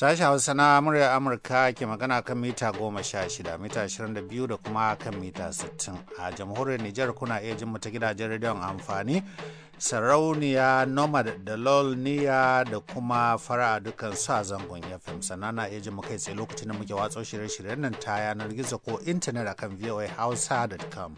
sashen Hausa na murya Amurka ke magana kan mita goma sha shida, mita ashirin da biyu da kuma kan mita sittin. A jamhuriyar Nijar kuna iya jin ta gidajen rediyon amfani, sarauniya, nomad da lolniya da kuma fara dukkan su a zangon FM. Sannan na iya jin mu kai tsaye lokacin da muke watso shirye-shiryen nan ta yanar gizo ko intanet akan voahausa.com.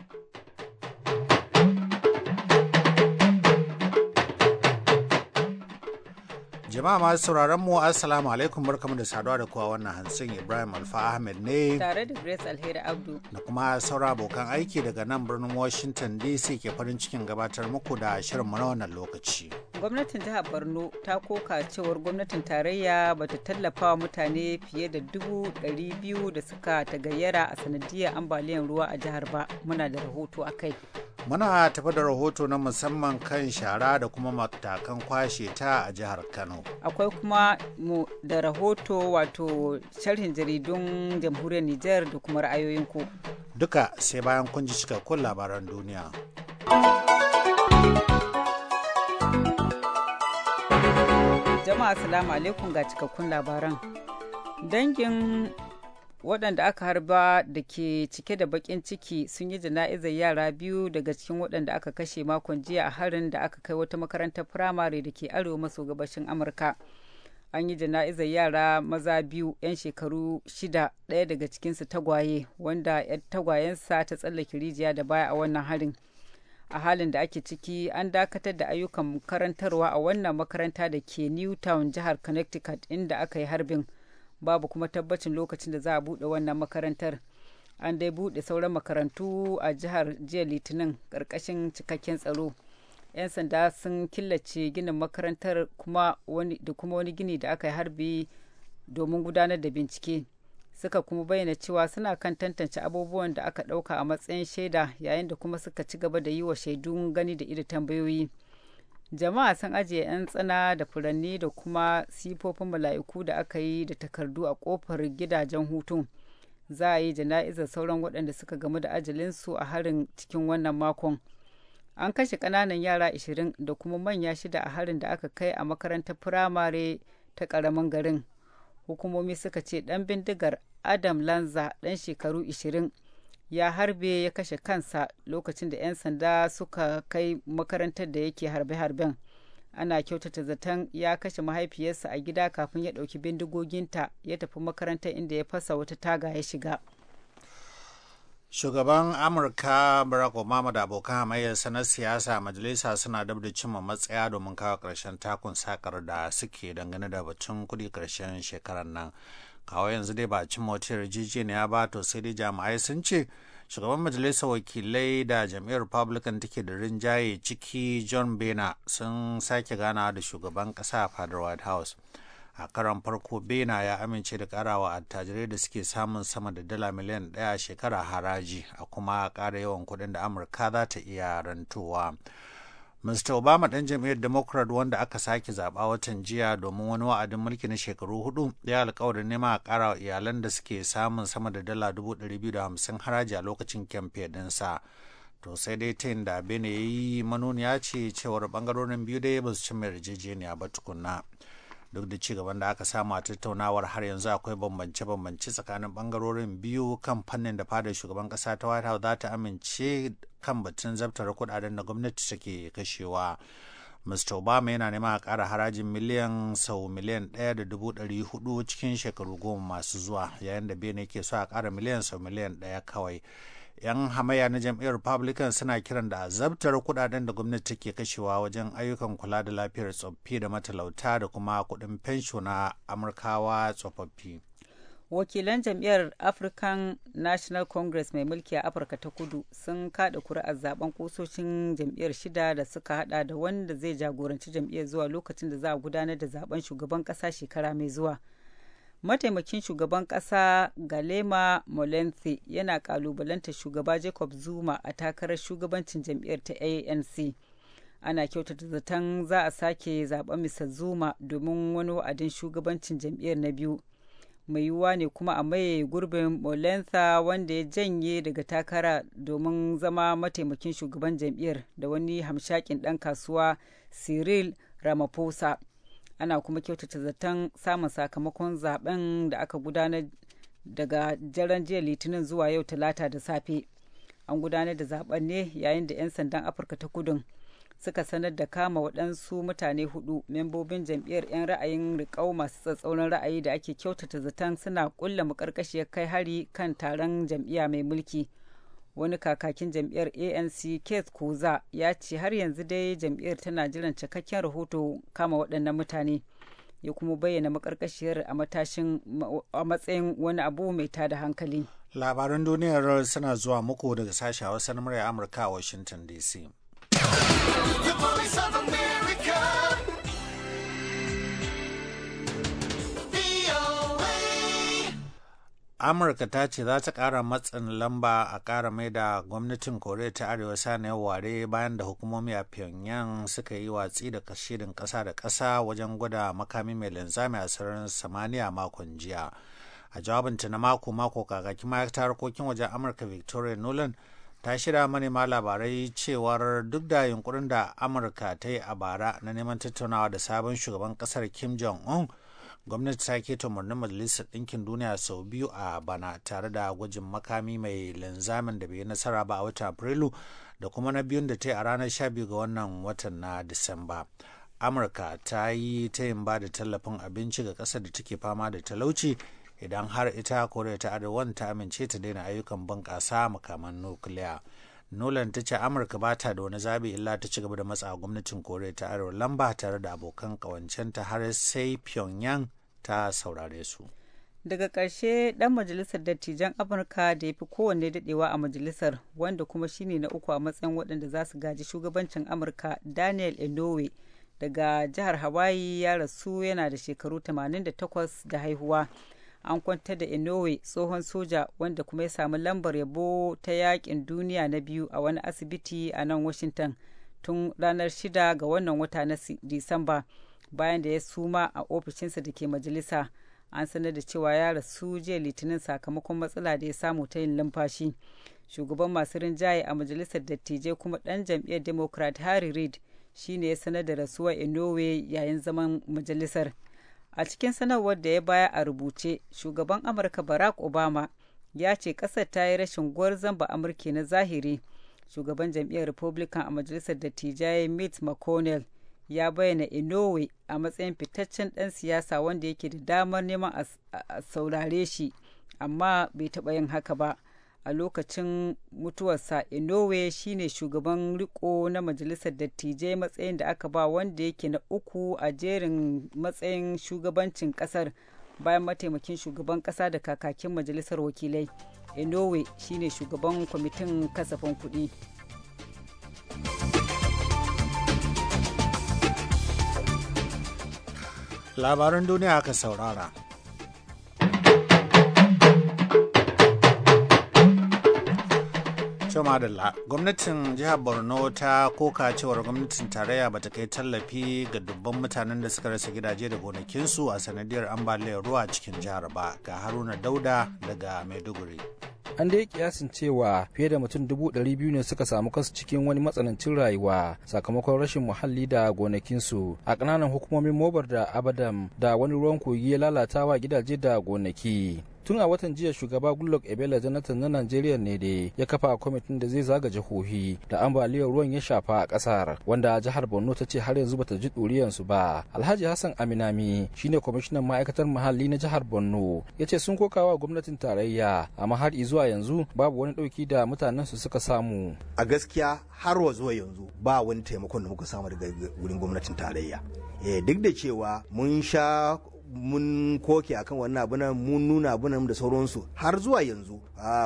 Jama'a masu sauraron mu assalamu alaikum barkamu da saduwa da kowa wannan hansun Ibrahim Alfa Ahmed ne. Tare da Grace Alheri Abdu. Da kuma saura abokan aiki daga nan birnin Washington DC ke farin cikin gabatar muku da shirin mu na wannan lokaci. Gwamnatin jihar Borno ta koka cewar gwamnatin tarayya bata tallafa wa mutane fiye da dubu ɗari biyu da suka tagayyara a sanadiyar ambaliyar ruwa a jihar ba. Muna da rahoto a kai. Muna tafi da rahoto na musamman kan shara da kuma matakan kwashe ta a jihar Kano. Akwai kuma da rahoto wato sharhin jaridun jamhuriyar Nijar da kuma ra'ayoyinku. Duka sai bayan kun ji cikakkun labaran duniya. Jama'a salamu alaikum ga cikakkun labaran. Dangin waɗanda aka harba da ke cike da bakin ciki sun yi jana'izar yara biyu daga cikin waɗanda aka kashe makon jiya a harin da aka kai wata makarantar firamare da ke arewa maso gabashin amurka an yi jana'izar yara maza biyu 'yan shekaru shida ɗaya daga cikinsu tagwaye wanda 'yan tagwayensa ta tsallake rijiya da baya a wannan harin a halin da ake ciki an dakatar da ayyukan karantarwa a wannan makaranta da ke newtown jihar connecticut inda aka yi harbin babu kuma tabbacin lokacin da za a buɗe wannan makarantar an dai buɗe sauran makarantu a jihar jiya litinin karkashin cikakken tsaro 'yan sanda sun killace ginin makarantar kuma wani da kuma wani gini da aka yi harbi domin gudanar da bincike suka kuma bayyana cewa suna kan tantance abubuwan da aka ɗauka a matsayin shaida yayin da kuma suka ci gaba da yi wa shaidun gani da iri tambayoyi jama'a sun ajiye 'yan tsana da furanni da kuma sifofin mala'iku da aka yi da takardu a kofar gidajen hutu za a yi jana'izar sauran waɗanda suka gamu da ajalinsu a harin cikin wannan makon an kashe ƙananan yara 20 da kuma manya shida a harin da aka kai a makarantar firamare ta ƙaramin garin hukumomi suka ce ɗan bindigar adam lanza ɗan shekaru 20 ya harbe ya kashe kansa lokacin da 'yan sanda suka kai makarantar da yake harbe-harben ana kyautata zaton ya kashe mahaifiyarsa a gida kafin ya ɗauki bindigoginta ya tafi makarantar inda ya fasa wata taga ya shiga shugaban amurka barack obama da abokan hamayyarsa na siyasa majalisa suna dab da cimma matsaya domin kawo karshen takun sakar da suke dangane da batun kuɗi karshen shekarar nan kawo yanzu dai ba a cimma wata yarjejeniya ba to sai dai jami'ai sun ce shugaban majalisar wakilai da jam'iyyar republican take da rinjaye ciki john bena sun sake ganawa da shugaban kasa a fadar white house a karan farko bena ya amince da karawa attajirai da suke samun sama da dala miliyan daya shekara haraji a kuma kara yawan kuɗin da amurka za ta iya rantowa. Mr. Obama ɗan jam'iyyar Democrat wanda aka sake zaɓa watan jiya domin wani wa'adin mulki na shekaru hudu ya alkawarin nema a ƙara wa iyalan da suke samun sama da dala dubu haraji a lokacin kyamfe ɗinsa. To sai dai ta da abin ya yi manuniya ce cewar ɓangarorin biyu dai ba su cimma yarjejeniya ba tukunna. duk da ci gaban da aka samu a tattaunawar har yanzu akwai bambance-bambance tsakanin bangarorin biyu kan fannin da fadar shugaban kasa ta white house za ta amince kan batun zabtar kudaden da gwamnati take kashewa mr obama yana nema a ƙara harajin miliyan sau miliyan ɗaya da dubu ɗari hudu cikin shekaru goma masu zuwa yayin da bene ke so a ƙara miliyan sau miliyan ɗaya kawai 'yan hamaya na jam'iyyar republican suna kiran da azabtar kudaden da gwamnati ke kashewa wajen ayyukan kula da lafiyar tsoffi da matalauta da kuma kudin fensho na amurkawa tsofaffi wakilan jam'iyyar african national congress mai mulki a afirka ta kudu sun kada kuri'ar zaben kusoshin jam'iyyar shida da suka hada da wanda zai jagoranci jam'iyyar zuwa lokacin da za a gudanar da zaben shugaban kasa shekara mai zuwa mataimakin shugaban ƙasa galema molense yana kalubalanta shugaba jacob zuma a takarar shugabancin jam'iyyar ta anc ana kyautata zaton za a sake zaben mr zuma domin wani wa'adin shugabancin jam'iyyar na biyu mai yiwuwa ne kuma a maye gurbin molensa wanda ya janye daga takara domin zama mataimakin shugaban jam'iyyar da wani hamshakin ɗan kasuwa cyril ramaphosa ana kuma kyautata zaton samun sakamakon zaben da aka gudanar daga daren jiya litinin zuwa yau talata da safe an gudanar da zaben ne yayin da 'yan sandan afirka ta kudun suka sanar da kama waɗansu mutane hudu membobin jam'iyyar 'yan ra'ayin riƙau masu tsatsauran ra'ayi da ake kyautata zaton suna ƙulla maƙarƙashiyar kai hari kan taron jam'iyya mai mulki wani kakakin jam'iyyar anc keith koza ya ce har yanzu dai jam'iyyar tana jiran cikakken rahoto kama waɗannan mutane ya kuma bayyana makarkashiyar a matsayin wani abu mai tada hankali labaran duniyar suna zuwa muku daga sashen hausa na murya amurka a washington dc amurka ta ce za ta kara matsin lamba a kara mai da gwamnatin koriya ta arewa saniyar ware bayan da hukumomi a pyongyang suka yi watsi da shirin ƙasa da ƙasa wajen gwada makami mai linzami a sararin samaniya makon jiya a jawabinta na mako-mako kakakin ma'aikatar harkokin wajen amurka victoria nolan ta shirya manema labarai cewar duk da yunkurin da amurka ta yi a bara na neman tattaunawa da sabon shugaban ƙasar kim jong-un gwamnati ta keta umarnin majalisar ɗinkin duniya sau biyu a bana tare da gwajin makami mai linzamin da bai nasara ba a watan afrilu da kuma na biyun da ta yi a ranar 12 ga wannan watan na disamba amurka ta yi ta yin ba da tallafin abinci ga ƙasar da take fama da talauci idan har ita koriya ta arewan ta amince ta daina ayyukan bunƙasa makaman nukiliya. nolan ta ce amurka ba ta da wani zabi illa ta ci gaba da matsa gwamnatin kore ta arewa lamba tare da abokan kawancenta har sai pyongyang ta saurare su daga ƙarshe ɗan majalisar dattijan amurka da ya fi kowanne daɗewa a majalisar wanda kuma shine na uku a matsayin waɗanda za su gaji shugabancin amurka daniel enowe daga jihar hawaii ya rasu yana da shekaru 88 da haihuwa an kwantar da inowe tsohon soja wanda kuma ya samu lambar yabo ta yakin duniya na biyu a wani asibiti a nan washington tun ranar shida ga wannan wata na disamba bayan da ya suma a ofishinsa da ke majalisa an sanar da cewa ya rasu jiya litinin sakamakon matsala da ya samu ta yin lumfashi shugaban masu rinjaye a majalisar dattijai kuma dan jam'iyyar democrat harry reid shine ya sanar da rasuwar inowe yayin zaman majalisar a cikin sanarwar da ya baya a rubuce shugaban amurka barack obama ya ce ƙasar ta yi rashin gwarzon ba amurki na zahiri shugaban jam'iyyar republican a majalisar dattijai mitt mcconnell ya bayyana inowe a matsayin fitaccen ɗan siyasa wanda yake da damar neman a saurare shi amma bai taɓa yin haka ba a lokacin mutuwarsa inowe shine shugaban riko na majalisar dattijai matsayin da aka ba wanda yake na uku a jerin matsayin shugabancin kasar bayan mataimakin shugaban kasa da kakakin majalisar wakilai inowe shine shugaban kwamitin kasafin kudi. labaran duniya aka saurara Choma Adalla, gwamnatin jihar Borno ta koka cewar gwamnatin tarayya bata kai tallafi ga dubban mutanen da suka rasa gidaje da gonakinsu a sanadiyar ambaliyar ruwa cikin jihar ba ga Haruna Dauda daga Maiduguri. an dai kiyasin cewa fiye da mutum dubu ɗari biyu ne suka samu kansu cikin wani matsanancin rayuwa sakamakon rashin muhalli da gonakinsu a ƙananan hukumomin mobar da abadam da wani ruwan kogi ya lalata wa gidaje da gonaki tun a watan jiya shugaba goodluck ebele jonathan na nigeria ne da ya kafa a kwamitin da zai zaga jihohi da ambaliyar ruwan ya shafa a kasar wanda jihar borno ta ce har yanzu bata ji ɗuriyansu ba alhaji hassan aminami shine kwamishinan ma'aikatar muhalli na jihar borno ya ce sun kokawa gwamnatin tarayya amma har zuwa yanzu babu wani ɗauki da mutanen su suka samu a gaskiya har wa zuwa yanzu ba wani taimakon da muka samu daga wurin gwamnatin tarayya eh, duk da cewa mun sha mun koke akan wannan abu nan mun nuna abu da sauransu har zuwa yanzu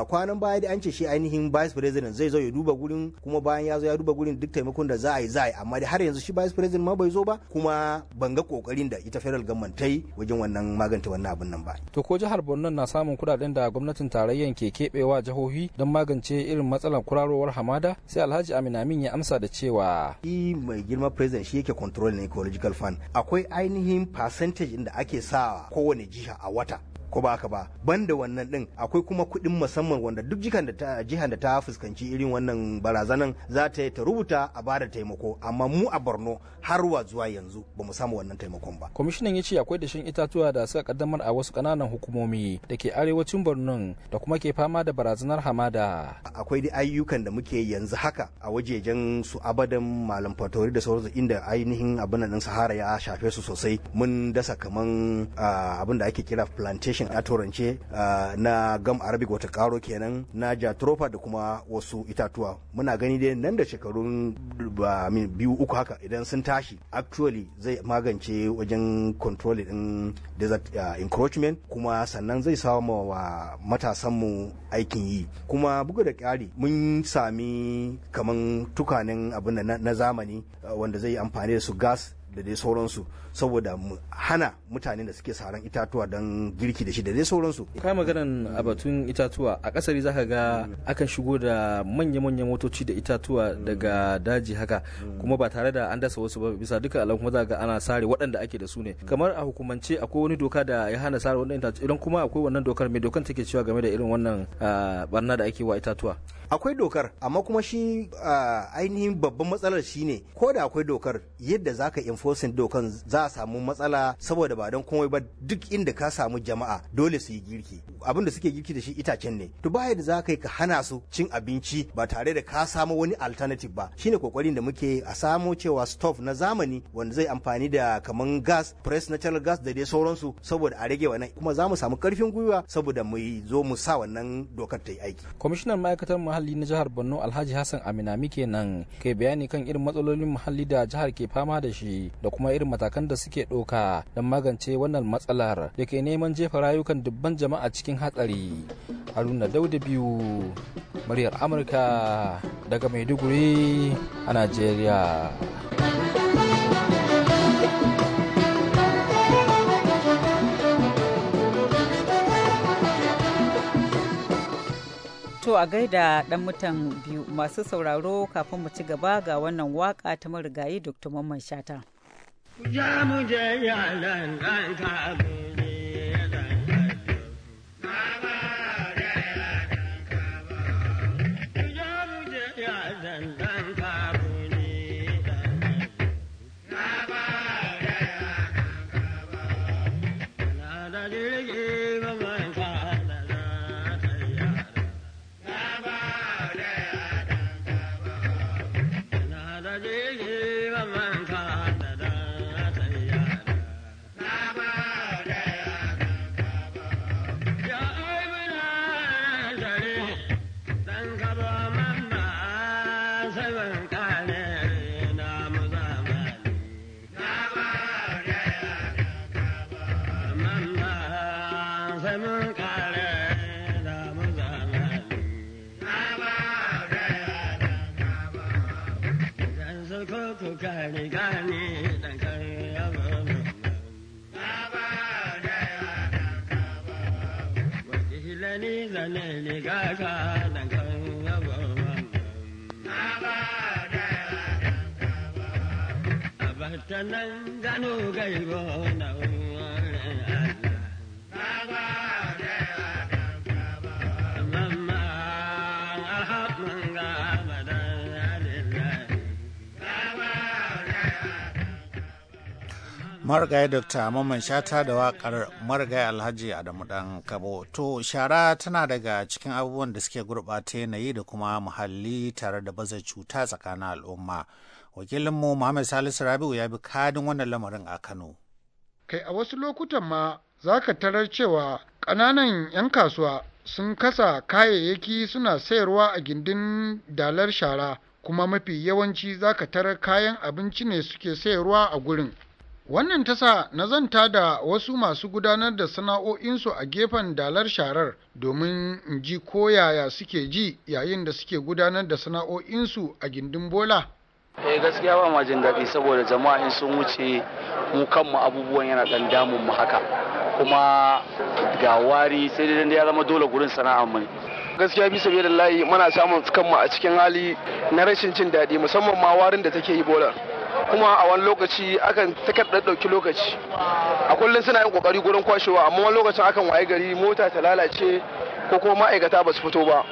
kwanan baya da an ce shi ainihin vice president zai zo ya duba gurin kuma bayan ya zo ya duba gurin duk taimakon da za a yi za a yi amma da har yanzu shi vice president ma bai zo ba kuma ban ga kokarin da ita federal government ta yi wajen wannan magance wannan abun nan ba to ko jihar Borno na samun kudaden da gwamnatin tarayyan ke kebewa jihohi don magance irin matsalar kurarowar hamada sai Alhaji Amin Amin ya amsa da cewa shi mai girma president shi yake control ne ecological fund akwai ainihin percentage da ake ake sawa kowane jiha a wata ko ba ba banda wannan din akwai kuma kuɗin musamman wanda duk jikan da ta jihar da ta fuskanci irin wannan barazanan za ta yi ta rubuta a bada taimako amma mu a Borno har wa zuwa yanzu ba mu samu wannan taimakon ba kwamishinan ya ce akwai dashin itatuwa da suka kaddamar a wasu ƙananan hukumomi da ke arewacin Borno da kuma ke fama da barazanar hamada akwai da ayyukan da muke yanzu haka a wajejen su abadan malam fatori da sauransu inda ainihin abin nan sahara ya shafe su sosai mun dasa kaman ah, abin da ake kira plantation harshen a turance uh, na gam Arabic wata karo kenan na jatrofa da kuma wasu itatuwa muna gani dai nan da shekarun biyu uku haka idan sun tashi actually zai magance wajen control din desert uh, encroachment kuma sannan zai samu wa matasanmu aikin yi kuma buga da ƙari mun sami kaman tukanin abin na zamani uh, wanda zai amfani da su gas da dai sauransu saboda mu hana mutane da suke saran itatuwa don girki da shi da dai sauransu kai maganan a batun itatuwa a kasari zaka ga akan shigo da manya-manyan motoci da itatuwa daga daji haka kuma ba tare da an dasa wasu ba bisa duka alamu kuma zaka ga ana sare waɗanda ake da su ne kamar a hukumance akwai wani doka da ya hana sare wannan itatuwa idan kuma akwai wannan dokar me dokan take cewa game da irin wannan barna da ake wa itatuwa akwai dokar amma kuma shi ainihin babban matsalar shi ne ko da akwai dokar yadda zaka enforcing dokan za za a samu matsala saboda ba don komai ba duk inda ka samu jama'a dole su yi girki abin da suke girki da shi itacen ne to baya yadda za ka yi ka hana su cin abinci ba tare da ka samu wani alternative ba shine kokarin da muke a samo cewa stove na zamani wanda zai amfani da kaman gas press natural gas da dai sauransu saboda a rage wannan kuma za mu samu karfin gwiwa saboda mu zo mu sa wannan dokar ta yi aiki kwamishinan ma'aikatar muhalli na jihar borno alhaji hassan aminami kenan kai bayani kan irin matsalolin muhalli da jihar ke fama da shi da kuma irin matakan da da suke ɗauka don magance wannan matsalar da ke neman jefa rayukan dubban jama'a cikin hatsari haruna dauda biyu muryar amurka daga maiduguri a najeriya To a gaida dan mutan biyu masu sauraro kafin mu ci gaba ga wannan waka ta marigayi Dr. Mamman Shata. Jamu Jaya Lanka riga ne da karya Wata hilani zane ne gaka da karya Abatanan gano gaibo na wani. marigaya dr maman shata da wakar marigaya alhaji adamu dan kabo to shara tana daga cikin abubuwan da suke gurɓata yanayi da kuma muhalli tare da baza cuta tsakanin al'umma wakilinmu muhammad salisu rabiu ya bi kadin wannan lamarin a kano kai a wasu lokutan ma za ka tarar cewa ƙananan 'yan kasuwa sun kasa kayayyaki suna sayarwa a gindin dalar shara kuma mafi yawanci za ka tarar kayan abinci ne suke sayarwa a gurin Wannan ta sa na zanta da wasu masu gudanar da sana'o'insu a gefen dalar sharar domin in ji ko yaya suke ji yayin da suke gudanar da sana'o'insu a gindin bola. eh gaskiya ba ma jin daɗi saboda jama'a in sun wuce mu kanmu abubuwan yana ɗan damun mu haka kuma ga wari sai dai ya zama dole gurin sana'ar mu gaskiya bisa biyar layi muna samun kanmu a cikin hali na rashin jin daɗi musamman ma warin da take yi bolar kuma a wani lokaci akan da ɗauki lokaci a kullum suna yin kokari gurin kwashewa amma wani lokacin akan waye gari mota ta lalace ko kuma ma'aikata ba su fito ba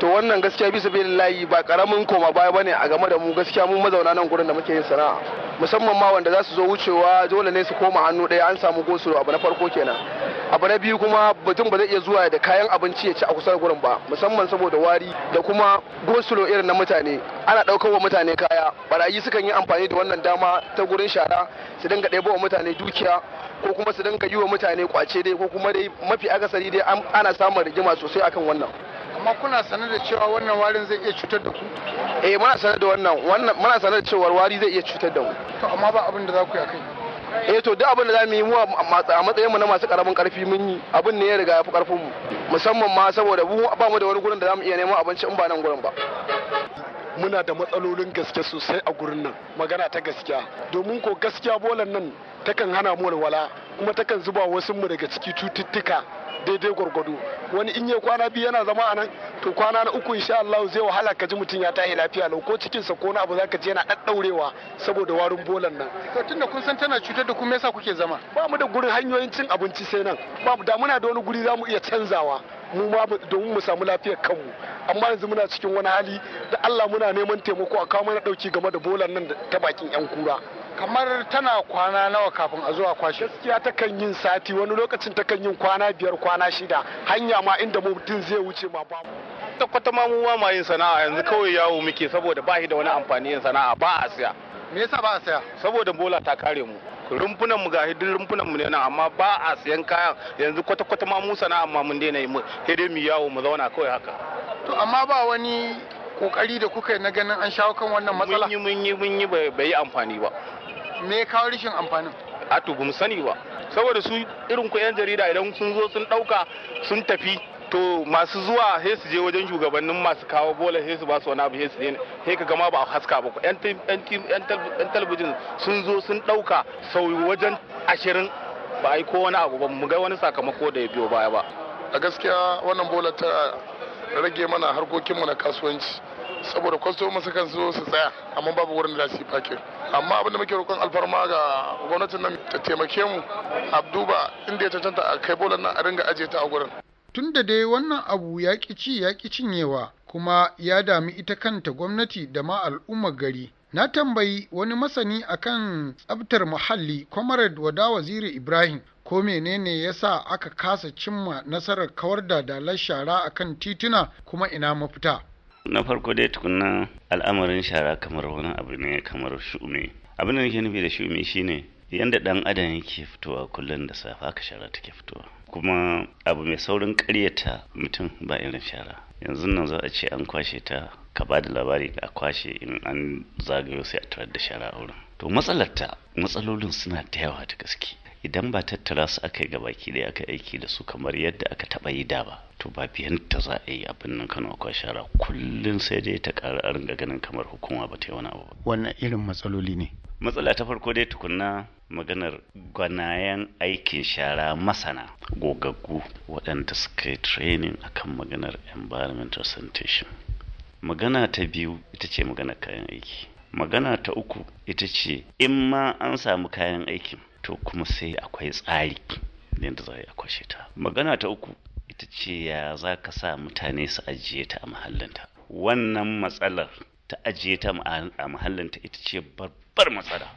to wannan gaskiya bisa bin layi ba karamin koma baya bane a game da mu gaskiya mu mazauna nan gurin da muke yin sana'a musamman ma wanda za su zo wucewa dole ne su koma hannu ɗaya an samu gosulo abu na farko kenan abu na biyu kuma mutum ba zai iya zuwa da kayan abinci ya ci a kusa da gurin ba musamman saboda wari da kuma gosulo irin na mutane ana daukar wa mutane kaya barayi sukan yi amfani da wannan dama ta gurin shara su dinga ɗebo wa mutane dukiya ko kuma su dinga yi wa mutane kwace dai ko kuma dai mafi akasari dai ana samun rigima sosai akan wannan amma kuna sanar da cewa wannan warin zai iya cutar da ku eh muna sanar da wannan wannan muna sanar da cewa wari zai iya cutar da mu to amma ba abin da za ku yi akai eh to duk abin da za mu yi mu a matsayin mu na masu karamin karfi mun yi abin ne ya riga ya fi karfin mu musamman ma saboda mu ba mu da wani gurin da za mu iya neman abinci in ba nan gurin ba muna da matsalolin gaske sosai a gurin nan magana ta gaskiya domin ko gaskiya bolan nan takan hana mu walwala kuma takan zuba wasu mu daga ciki cututtuka daidai gwargwado wani in ya kwana biyu yana zama a nan to kwana na uku insha Allah zai wahala ka ji mutum ya tahi lafiya lau ko cikin sa ko na abu zaka ji yana daddaurewa saboda warin bolan nan to tunda kun san tana cutar da ku me yasa kuke zama ba mu da gurin hanyoyin cin abinci sai nan ba mu da muna da wani guri zamu iya canzawa mu ma domin mu samu lafiyar kanmu amma yanzu muna cikin wani hali da Allah muna neman taimako a kawo mana dauki game da bolan nan ta bakin yan kura kamar tana kwana nawa kafin a zuwa kwashe gaskiya kan yin sati wani lokacin ta kan yin kwana biyar kwana shida hanya ma inda mutum zai wuce ma ta kwata ma mu ma yin sana'a yanzu kawai yawo muke saboda ba da wani amfani yin sana'a ba a siya me yasa ba a siya? saboda bola ta kare mu rumfunan mu ga hidin rumfunan mu ne nan amma ba a siyan kayan yanzu kwata kwata ma mu sana'a amma mun daina yi hede mu yawo mu zauna kawai haka to amma ba wani kokari da kuka yi na ganin an shawo kan wannan matsala mun yi mun yi mun yi bai yi amfani ba me ya kawo rashin amfanin a to mu sani ba saboda su irin ku yan jarida idan sun zo sun dauka sun tafi to masu zuwa sai su je wajen shugabannin masu kawo bola sai su ba su wani abu sai su sai ka gama ba a haska ba yan talabijin sun zo sun dauka sau wajen ashirin ba a yi ko wani abu ba mu ga wani sakamako da ya biyo baya ba a gaskiya wannan bola ta rage mana harkokinmu na kasuwanci saboda kwastoma su kan zo su tsaya amma babu wurin da su yi amma abinda muke roƙon alfarma ga gwamnatin nan ta taimake mu a duba inda ya cancanta a kai bolan nan a ringa ajiye ta a gurin tun da dai wannan abu ya ƙi ci ya ƙi cinyewa kuma ya dami ita kanta gwamnati da ma al'ummar gari na tambayi wani masani akan tsabtar muhalli comrade wada waziri ibrahim ko menene ya sa aka kasa cimma nasarar kawar da dalar shara akan tituna kuma ina mafita na farko dai tukunna al'amarin shara kamar wani abu ne kamar shumi abin da nake nufi da shumi shine yadda dan adam yake fitowa kullum da safa haka shara take fitowa kuma abu mai saurin karyata mutum ba irin shara yanzu nan za a ce an kwashe ta ka ba da labari a kwashe in an zagayo sai a tarar da shara a wurin to matsalarta matsalolin suna da yawa ta gaske idan ba tattara su aka yi baki ɗaya aka aiki da su kamar yadda aka taɓa yi da ba to ba ta za a yi abin nan kano akwai shara kullum sai dai ta ƙara a ringa ganin kamar hukuma ba ta yi wani abu ba wannan irin matsaloli ne matsala ta farko dai tukunna maganar gwanayen aikin shara masana gogaggu waɗanda suka yi training akan maganar environmental sanitation magana ta biyu ita ce maganar kayan aiki magana ta uku ita ce in ma an samu kayan aikin to kuma sai akwai tsari yadda za a yi kwashe ta magana ta uku ita ce ya za ka sa mutane su ajiye ta a mahallinta wannan matsalar ta ajiye ta a mahallinta ita ce babbar matsala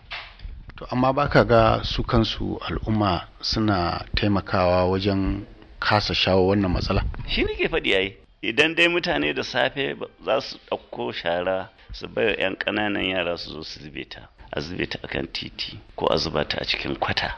to amma baka ga su kansu al'umma suna taimakawa wajen kasa shawo wannan matsala shi ne ke faɗi yayi idan dai mutane da safe za su ɗauko shara su bai 'yan ƙananan yara su zo su zube ta a zube ta akan titi ko a zuba ta a cikin kwata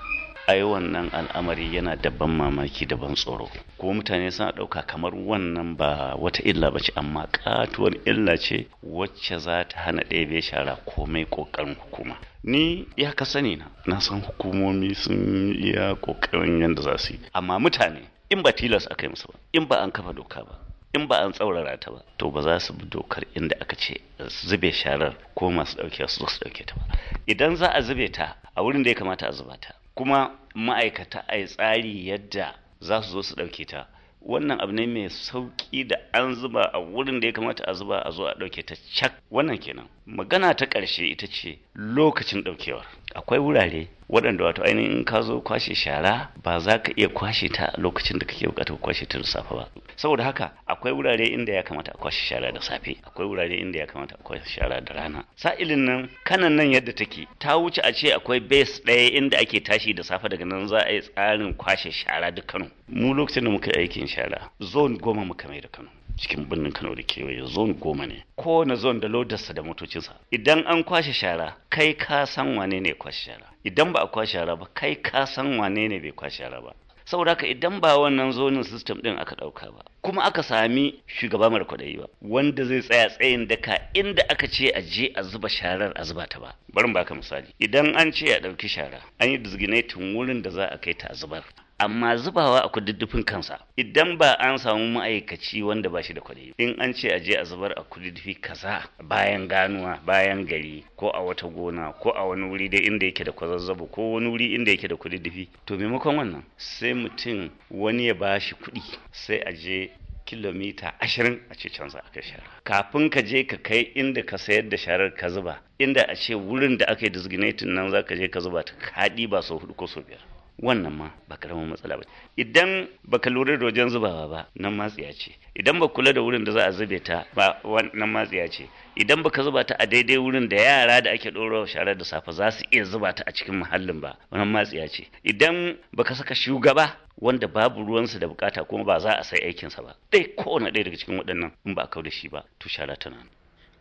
ai wannan al'amari yana da ban mamaki da ban tsoro ko mutane suna ɗauka kamar wannan ba wata illa ba ce amma katuwar illa ce wacce za ta hana ɗebe shara komai ƙoƙarin hukuma ni ya ka sani na na san hukumomi sun iya ƙoƙarin yadda za su yi amma mutane in ba tilas aka yi musu ba in ba an kafa doka ba in ba an tsaurara ta ba to ba za su bi dokar inda aka ce zube sharar ko masu ɗauke su su ɗauke ta ba idan za a zube ta a wurin da ya kamata a zuba ta kuma ma'aikata a tsari yadda za su zo su ɗauke ta wannan abu ne mai sauƙi da an zuba a wurin da ya kamata a zuba a zo a ɗauke ta cak wannan kenan magana ta ƙarshe ita ce lokacin ɗaukewar akwai wurare waɗanda wato ainihin in ka zo kwashe shara ba za ka iya kwashe ta lokacin da kake bukatar kwashe ta da safe ba saboda haka akwai wurare inda ya kamata a kwashe shara da safe akwai wurare inda ya kamata a kwashe shara da rana sa'ilin nan kanan nan yadda take ta wuce a ce akwai base ɗaya inda ake tashi da safe daga nan za a yi tsarin kwashe shara da Kano mu lokacin da muka yi aikin shara zone goma muka mai da Kano cikin birnin Kano da kewaye zone goma ne kowane zone da lodarsa da motocinsa idan an kwashe shara kai ka san wane ne kwashe shara idan ba a kwashe shara ba kai ka san wane ne bai kwashe shara ba saboda haka idan ba wannan zonin system din aka ɗauka ba kuma aka sami shugaba mara kwaɗayi ba wanda zai tsaya tsayin daka inda aka ce a je a zuba sharar a zuba ta ba barin baka misali idan an ce a ɗauki shara an yi designating wurin da za a kai ta a zubar amma zubawa a kududdufin kansa idan ba an samu ma'aikaci wanda ba shi da kuɗi in an ce a je a zubar a kududdufi kaza bayan ganuwa bayan gari ko a wata gona ko a wani wuri dai inda yake da kwazazzabo ko wani wuri inda yake da kududdufi to maimakon wannan sai mutum wani ya ba shi kuɗi sai a je kilomita ashirin a ce can a kai shara kafin ka je ka kai inda ka sayar da sharar ka zuba inda a ce wurin da aka yi disginatin nan za ka je ka zuba ta kaɗi ba sau hudu ko sau biyar wannan ma ba karamin matsala ba idan baka lura da wajen zubawa ba nan matsiya ce idan ba kula da wurin da za a zube ta ba wannan matsiya ce idan baka zuba ta a daidai wurin da yara da ake ɗora shara da safe za su iya zuba ta a cikin muhallin ba wannan matsiya ce idan ba ka saka shugaba wanda babu ruwansa da bukata kuma ba za a sai aikinsa ba dai kowane ɗaya daga cikin waɗannan in ba a kau da shi ba to shara tana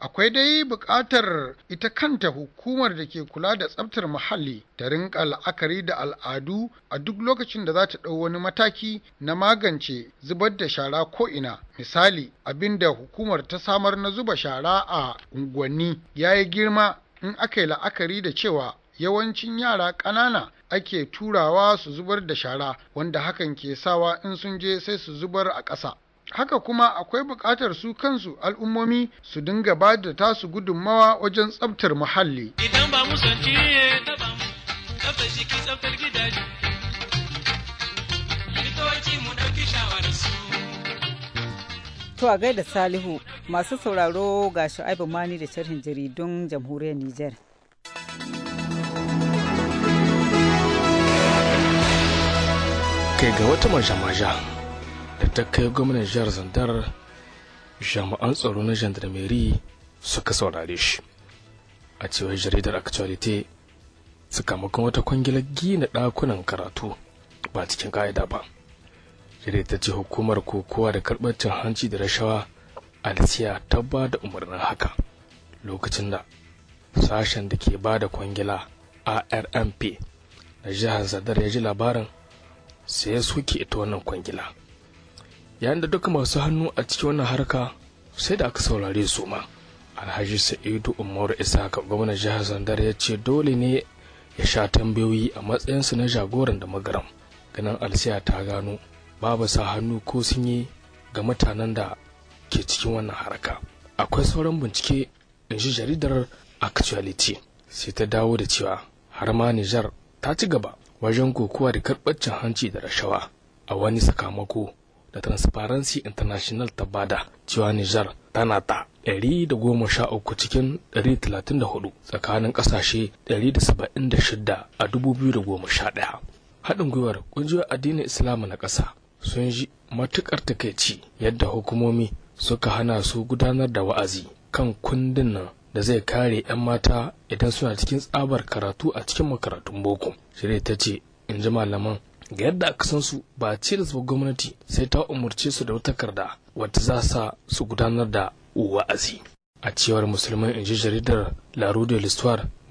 akwai dai buƙatar ita kanta hukumar da ke kula da tsabtar muhalli ta rinƙa la'akari da al'adu a duk lokacin da za ta ɗau wani mataki na magance zubar da shara ko'ina misali abin da hukumar ta samar na zuba shara a unguwanni ya yi girma in aka yi la'akari da cewa yawancin yara ƙanana ake turawa su zubar da shara wanda hakan ke sawa in sun je sai su zubar a ƙasa haka kuma akwai buƙatar su kansu al'ummomi su dinga ba da tasu gudunmawa wajen tsabtar muhalli. Idan ba mu san shi ki tsabtar gidaje, mu ɗauki shawararsu. To a gaida Salihu masu sauraro ga Shu'aibu Mani da sharhin jaridun jamhuriyar Nijar. Kai ga wata maja-maja da ta kai gwamnan jihar zandar jami'an tsaro na gendarmerie suka saurare shi a cewar jaridar actuality sakamakon wata kwangilar gina ɗakunan karatu ba cikin ka'ida ba jaridar ta ce hukumar kokowa da karɓar cin hanci da rashawa alsiya ta ba da umarnin haka lokacin da sashen da ke ba da kwangila armp na jihar zadar ya ji labarin sai ya soke ita wannan kwangila yayin da duka masu hannu a cikin wannan harka sai da aka saurare su ma alhaji sa'idu umar isaka gwamnan jihar zandar ya ce dole ne ya sha tambayoyi a matsayinsu na jagoran da magaram ganin alsiya ta gano babu sa hannu ko sun yi ga mutanen da ke cikin wannan haraka akwai sauran bincike in ji jaridar actuality sai ta dawo da cewa har ma nijar ta ci gaba wajen kokowa da karɓar hanci da rashawa a wani sakamako da transparency international ta bada cewa nijar tana ta 113 cikin 134 tsakanin kasashe 176 a 2011 haɗin gwiwar ƙungiyar addinin islamu na ƙasa sun ji matuƙar takaici yadda hukumomi suka hana su gudanar da wa'azi kan kundin nan da zai kare 'yan mata idan suna cikin tsabar karatu a cikin makarantun boko shirya ta ce in ji malaman ga yadda aka san su ba da ba gwamnati sai ta umarce su da wata karda wata za sa su gudanar da wa'azi a cewar musulman in ji jaridar la rue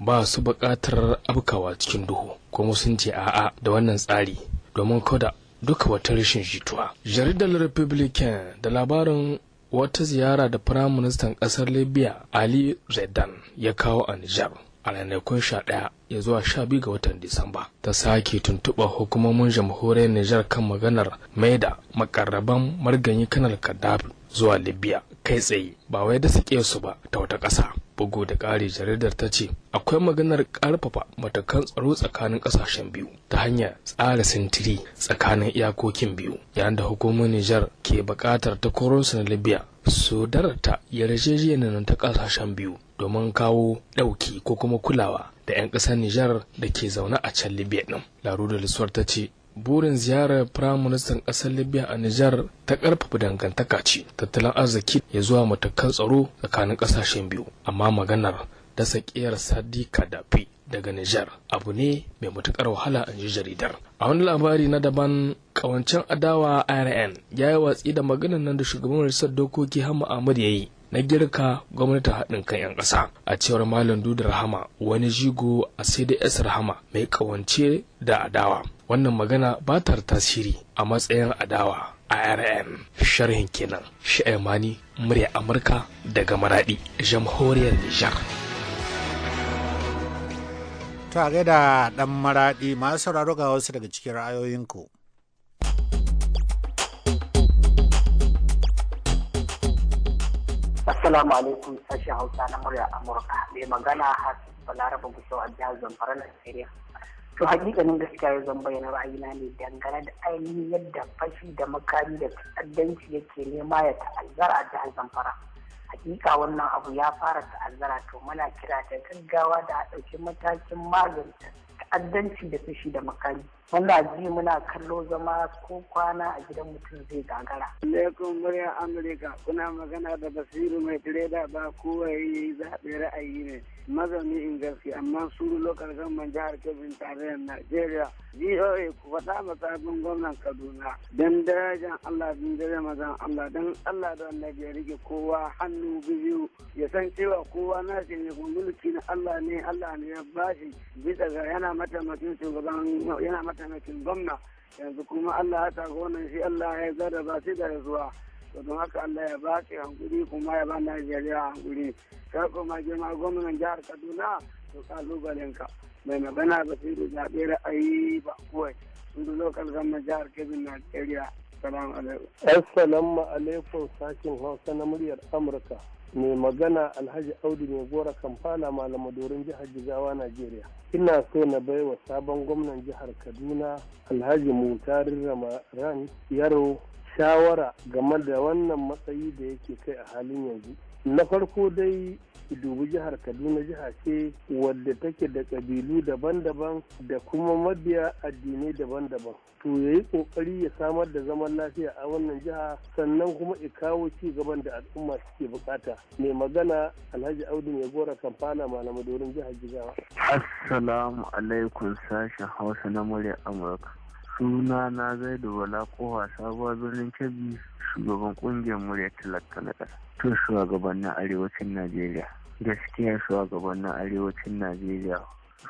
ba su buƙatar abkawa cikin duhu kuma sun ce a'a da wannan tsari domin kada duka wata rashin jituwa jaridar republican da labarin wata ziyara da firaministan ƙasar libya ali zaidan ya kawo a nijar a ranakun 11 ya zuwa 12 ga watan Disamba ta sake tuntuɓa hukumomin jamhuriyar Nijar kan maganar mai da makarraban marganyi kanar Kadab zuwa Libya kai tsaye ba wai da su ba ta wata ƙasa bugu da ƙari jaridar ta ce akwai maganar ƙarfafa matakan tsaro tsakanin ƙasashen biyu ta hanyar tsara sintiri tsakanin iyakokin biyu yayin da hukumar Nijar ke buƙatar ta su na Libya su darata yarjejeniyar ta ƙasashen biyu domin kawo ɗauki ko kuma kulawa da 'yan ƙasar Nijar da ke zaune a can Libya ɗin. Laru da Lissuwar ta ce burin ziyarar firaministan ƙasar libya a nijar ta ƙarfafa dangantaka ce tattalin arziki ya zuwa matakan tsaro tsakanin ƙasashen biyu amma maganar dasa ƙiyar sadi kadafi daga nijar abu ne mai matuƙar wahala in ji jaridar a wani labari na daban kawancin adawa rn ya yi watsi da maganar nan da shugaban majalisar dokoki hama ahmad ya yi na girka gwamnati haɗin kan 'yan ƙasa a cewar malam dudu rahama wani jigo a CDS rahama mai ƙawance da adawa wannan magana ba ta tasiri a matsayin adawa a IRM sharhin kenan sha'imani murya Amurka daga Maradi jamhuriyar Nijar. Tare da ɗan Maradi masu sauraro ga wasu daga cikin ra'ayoyinku. Assalamu alaikum sashi Hausa na murya Amurka mai magana Hassan balarabin Gusau a jihar Zamfara Najeriya. to hakikanin gaskiya ya zan bayyana ra'ayina ne dangane da ainihin yadda fashi da makami da ta'addanci yake nema ya ta'azzara a jihar zamfara hakika wannan abu ya fara ta'azzara to muna kira ta gaggawa da a ɗauki matakin magance ta'addanci da fashi da makami wanda ji muna kallo zama ko kwana a gidan mutum zai gagara. Lekun murya Amurka kuna magana da basiru mai tireda ba kowa yi zaɓe ra'ayi ne. Mazauni in gaske amma su lokal gamban jihar Kebbi tarayyar Najeriya. DOA ku faɗa ma sabon gwamnan Kaduna. Dan darajan Allah bin dare mazan Allah dan Allah da annabi ya rike kowa hannu biyu ya san cewa kowa na shi ne mulki na Allah ne Allah ne ya bashi bisa ga yana mataimakin shugaban yana mataimakin gwamna yanzu kuma Allah ya taga wannan shi Allah ya zara ba shi da zuwa to don haka Allah ya ba ki hankuri kuma ya ba Najeriya hankuri kai kuma girma gwamnan jihar Kaduna to kalubalen ka mai magana ba shi da zaɓe ra'ayi ba kawai sun zo lokal gwamnan jihar Kebbi Najeriya. Assalamu alaikum. Assalamu alaikum sakin Hausa na muryar Amurka. mai magana alhaji audu mai gora kamfana malama dorin jihar jigawa najeriya ina so na bai wa sabon gwamnan jihar kaduna alhaji mutarin ramaran yaro shawara game da wannan matsayi da yake kai a halin yanzu na farko dai ki dubi jihar kaduna jiha ce wadda take da ƙabilu daban-daban da kuma mabiya addinai daban-daban to ya yi ƙoƙari ya samar da zaman lafiya a wannan jiha sannan kuma ya kawo ci gaban da al'umma suke bukata mai magana alhaji audu mai gora kamfana malama dorin jihar jigawa assalamu alaikum sashen hausa na murya amurka suna na zai da wala kowa sabuwar birnin kebbi shugaban kungiyar murya talaka na ƙasa to shugabannin arewacin najeriya gaskiya shugabannin arewacin najeriya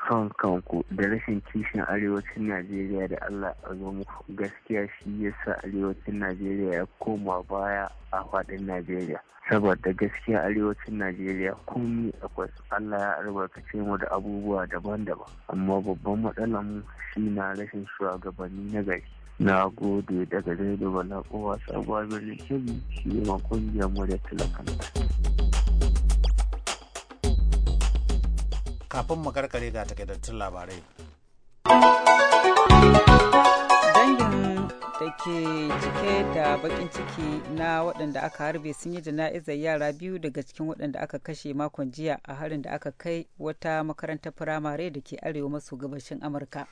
son kanku da rashin kishin arewacin najeriya da allah a zo muku gaskiya shi yasa arewacin najeriya ya koma baya a faɗin najeriya saboda gaskiya arewacin najeriya komi akwai allah ya albarkace mu da abubuwa daban-daban amma babban matsalar mu shi na rashin shugabanni na gari na gode daga daidai bala kowa sabuwa birnin kebbi shi ma kungiyar mu da talakanta kafin mu karkare ga takaitattun labarai da ke cike da bakin ciki na waɗanda aka harbe sun yi jana'izar yara biyu daga cikin waɗanda aka kashe makon jiya a harin da aka kai wata makarantar firamare da ke arewa maso gabashin amurka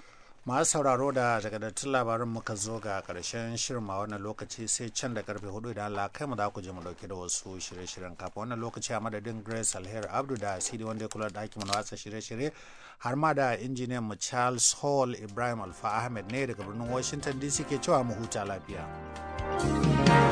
masu sauraro da takaddatun labarin muka zo ga karshen shirin ma wannan lokaci sai can da karfe hudu idan Allah kai mu za ku je mu dauke da wasu shirye-shiryen kafin wannan lokaci a madadin Grace alheri Abdu da Sidi wanda ya kula da na watsa shirye-shirye har ma da injiniyan mu Charles Hall Ibrahim Alfa Ahmed ne daga birnin Washington DC ke cewa mu huta lafiya. thank you